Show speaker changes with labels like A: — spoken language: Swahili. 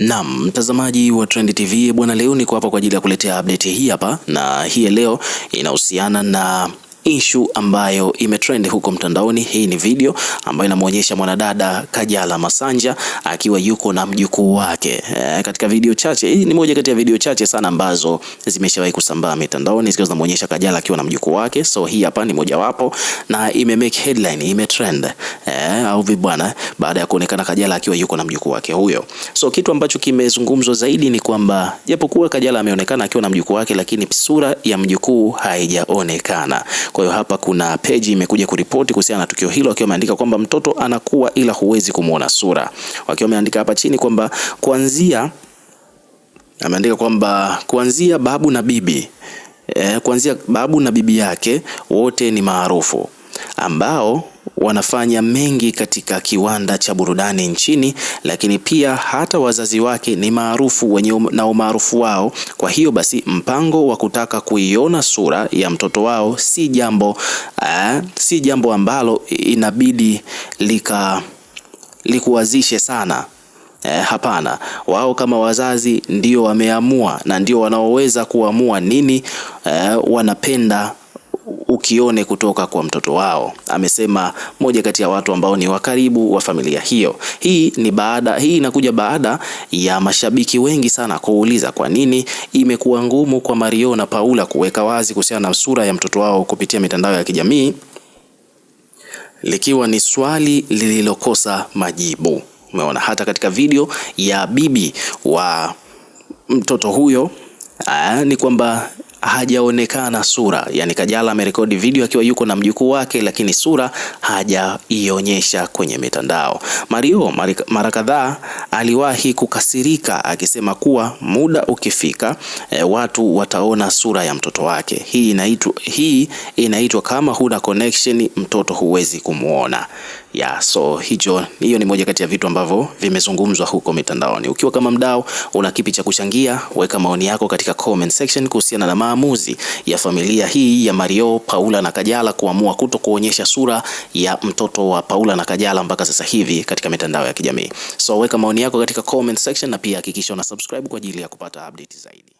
A: Naam, mtazamaji wa Trend TV bwana, leo niko hapa kwa ajili ya kuletea update hii hapa, na hii leo inahusiana na issue ambayo imetrend huko mtandaoni. Hii ni video ambayo inamuonyesha mwanadada Kajala Masanja akiwa yuko na mjukuu wake e, katika video chache. Hii ni moja kati ya video chache sana ambazo zimeshawahi kusambaa mitandaoni zikiwa zinamuonyesha Kajala akiwa na mjukuu wake, so hii hapa ni moja wapo na ime make headline, ime trend e, au vibwana, baada ya kuonekana Kajala akiwa yuko na mjukuu wake huyo. So kitu ambacho kimezungumzwa zaidi ni kwamba japokuwa Kajala ameonekana akiwa na mjukuu wake, lakini sura ya mjukuu haijaonekana. Kwa hiyo hapa kuna peji imekuja kuripoti kuhusiana na tukio hilo, wakiwa wameandika kwamba mtoto anakuwa ila huwezi kumuona sura, wakiwa wameandika hapa chini kwamba kuanzia, ameandika kwamba kuanzia babu na bibi eh, kuanzia babu na bibi yake wote ni maarufu ambao wanafanya mengi katika kiwanda cha burudani nchini, lakini pia hata wazazi wake ni maarufu wenye um, na umaarufu wao. Kwa hiyo basi, mpango wa kutaka kuiona sura ya mtoto wao si jambo uh, si jambo ambalo inabidi lika likuwazishe sana. Eh, hapana. Wao kama wazazi ndio wameamua na ndio wanaoweza kuamua nini eh, wanapenda ukione kutoka kwa mtoto wao, amesema moja kati ya watu ambao ni wakaribu wa familia hiyo. Hii ni baada, hii inakuja baada ya mashabiki wengi sana kuuliza kwa nini imekuwa ngumu kwa Mario na Paula kuweka wazi kuhusiana na sura ya mtoto wao kupitia mitandao ya kijamii, likiwa ni swali lililokosa majibu. Umeona hata katika video ya bibi wa mtoto huyo aa, eh, ni kwamba hajaonekana sura. Yani Kajala amerekodi video akiwa yuko na mjukuu wake, lakini sura hajaionyesha kwenye mitandao. Mario mara kadhaa aliwahi kukasirika akisema kuwa muda ukifika, e, watu wataona sura ya mtoto wake. Hii inaitwa hii inaitwa kama huna connection, mtoto huwezi kumwona. Ya, so hicho hiyo ni moja kati ya vitu ambavyo vimezungumzwa huko mitandaoni. Ukiwa kama mdau, una kipi cha kuchangia? Weka maoni yako katika comment section kuhusiana na maamuzi ya familia hii ya Mario, Paula na Kajala kuamua kuto kuonyesha sura ya mtoto wa Paula na Kajala mpaka sasa hivi katika mitandao ya kijamii. So weka maoni yako katika comment section na pia hakikisha una subscribe kwa ajili ya kupata update zaidi.